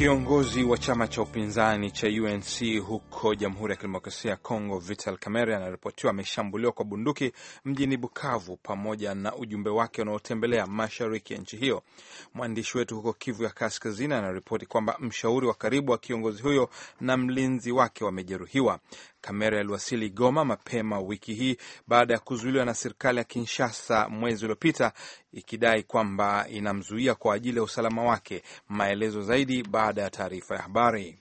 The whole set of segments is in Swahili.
Kiongozi wa chama cha upinzani cha UNC huko Jamhuri ya Kidemokrasia ya Kongo, Vital Kamerhe anaripotiwa ameshambuliwa kwa bunduki mjini Bukavu pamoja na ujumbe wake unaotembelea mashariki ya nchi hiyo. Mwandishi wetu huko Kivu ya Kaskazini anaripoti kwamba mshauri wa karibu wa kiongozi huyo na mlinzi wake wamejeruhiwa. Kamera aliwasili Goma mapema wiki hii baada ya kuzuiliwa na serikali ya Kinshasa mwezi uliopita ikidai kwamba inamzuia kwa ajili ya usalama wake. Maelezo zaidi baada ya taarifa ya habari.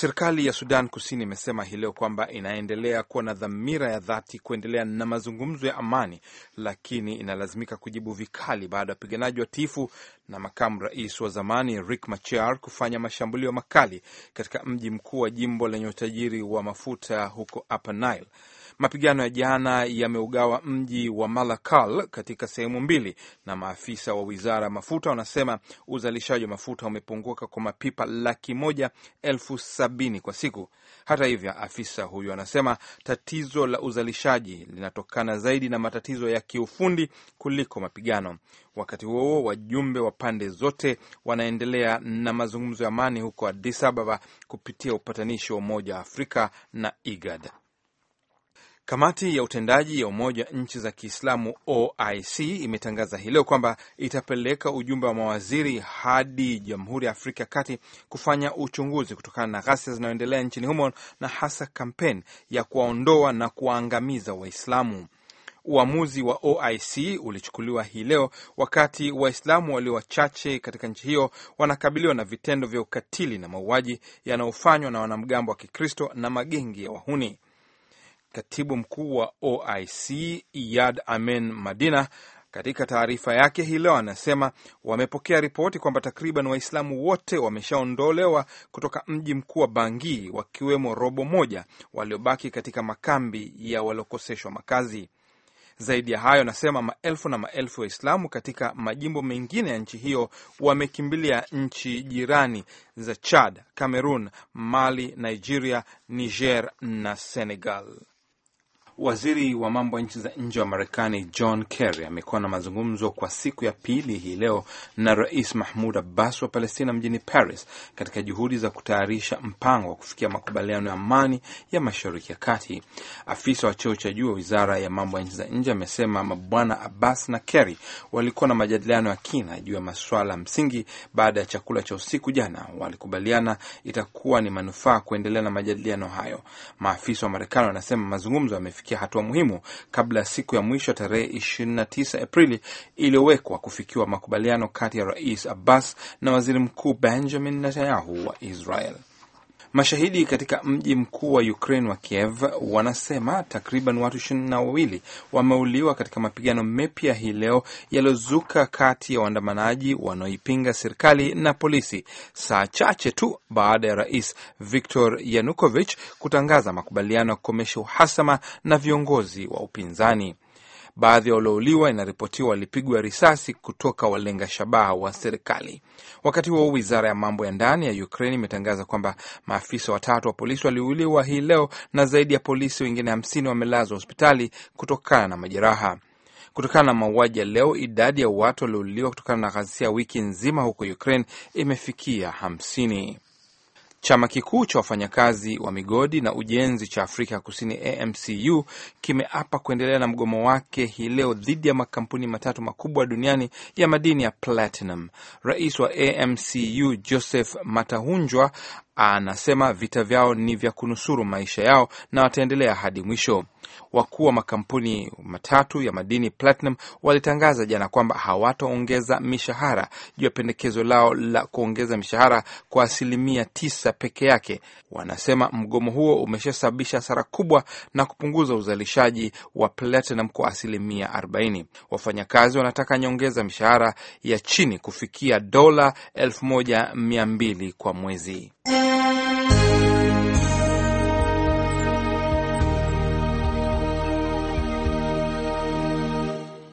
Serikali ya Sudan Kusini imesema hii leo kwamba inaendelea kuwa na dhamira ya dhati kuendelea na mazungumzo ya amani, lakini inalazimika kujibu vikali baada ya wapiganaji tifu na makamu rais wa zamani Riek Machar kufanya mashambulio makali katika mji mkuu wa jimbo lenye utajiri wa mafuta huko Upper Nile. Mapigano ya jana yameugawa mji wa Malakal katika sehemu mbili, na maafisa wa wizara ya mafuta wanasema uzalishaji wa mafuta umepunguka kwa mapipa laki moja elfu sabini kwa siku. Hata hivyo, afisa huyu anasema tatizo la uzalishaji linatokana zaidi na matatizo ya kiufundi kuliko mapigano. Wakati huo huo, wajumbe wa pande zote wanaendelea na mazungumzo ya amani huko Addis Ababa kupitia upatanishi wa Umoja wa Afrika na IGAD. Kamati ya utendaji ya Umoja wa Nchi za Kiislamu OIC imetangaza hii leo kwamba itapeleka ujumbe wa mawaziri hadi Jamhuri ya Afrika ya Kati kufanya uchunguzi kutokana na ghasia zinayoendelea nchini humo na hasa kampeni ya kuwaondoa na kuwaangamiza Waislamu. Uamuzi wa OIC ulichukuliwa hii leo wakati Waislamu walio wachache katika nchi hiyo wanakabiliwa na vitendo vya ukatili na mauaji yanayofanywa na wanamgambo wa Kikristo na magengi ya wahuni. Katibu mkuu wa OIC Iyad Amen Madina katika taarifa yake hii leo anasema wamepokea ripoti kwamba takriban Waislamu wote wameshaondolewa kutoka mji mkuu wa Bangi, wakiwemo robo moja waliobaki katika makambi ya waliokoseshwa makazi. Zaidi ya hayo, anasema maelfu na maelfu ya Waislamu katika majimbo mengine ya nchi hiyo wamekimbilia nchi jirani za Chad, Cameroon, Mali, Nigeria, Niger na Senegal. Waziri wa mambo ya nchi za nje wa Marekani John Kerry amekuwa na mazungumzo kwa siku ya pili hii leo na Rais Mahmud Abbas wa Palestina mjini Paris, katika juhudi za kutayarisha mpango wa kufikia makubaliano ya amani ya Mashariki ya Kati. Afisa wa cheo cha juu wa wizara ya mambo ya nchi za nje amesema mabwana Abbas na Kerry walikuwa na majadiliano ya kina juu ya masuala msingi. Baada ya chakula cha usiku jana, walikubaliana itakuwa ni manufaa kuendelea na majadiliano hayo. Maafisa wa Marekani wanasema mazungumzo yamefikia kufikia hatua muhimu kabla ya siku ya mwisho tarehe 29 Aprili iliyowekwa kufikiwa makubaliano kati ya Rais Abbas na Waziri Mkuu Benjamin Netanyahu wa Israel. Mashahidi katika mji mkuu wa Ukraine wa Kiev wanasema takriban watu ishirini na wawili wameuliwa katika mapigano mepya hii leo yaliyozuka kati ya waandamanaji wanaoipinga serikali na polisi, saa chache tu baada ya rais Viktor Yanukovych kutangaza makubaliano ya kukomesha uhasama na viongozi wa upinzani. Baadhi ya waliouliwa inaripotiwa walipigwa risasi kutoka walenga shabaha wa serikali. Wakati huo, wizara ya mambo ya ndani ya Ukraine imetangaza kwamba maafisa watatu wa polisi waliuliwa hii leo na zaidi ya polisi wengine hamsini wamelazwa hospitali kutokana na majeraha. Kutokana na mauaji ya leo, idadi ya watu waliouliwa kutokana na ghasia wiki nzima huko Ukraine imefikia hamsini. Chama kikuu cha wafanyakazi wa migodi na ujenzi cha Afrika Kusini AMCU kimeapa kuendelea na mgomo wake hii leo dhidi ya makampuni matatu makubwa duniani ya madini ya platinum. Rais wa AMCU Joseph Matahunjwa Anasema vita vyao ni vya kunusuru maisha yao na wataendelea hadi mwisho. Wakuu wa makampuni matatu ya madini platinum walitangaza jana kwamba hawataongeza mishahara juu ya pendekezo lao la kuongeza mishahara kwa asilimia tisa peke yake. Wanasema mgomo huo umeshasababisha hasara kubwa na kupunguza uzalishaji wa platinum kwa asilimia 40. Wafanyakazi wanataka nyongeza mishahara ya chini kufikia dola 1200 kwa mwezi. Música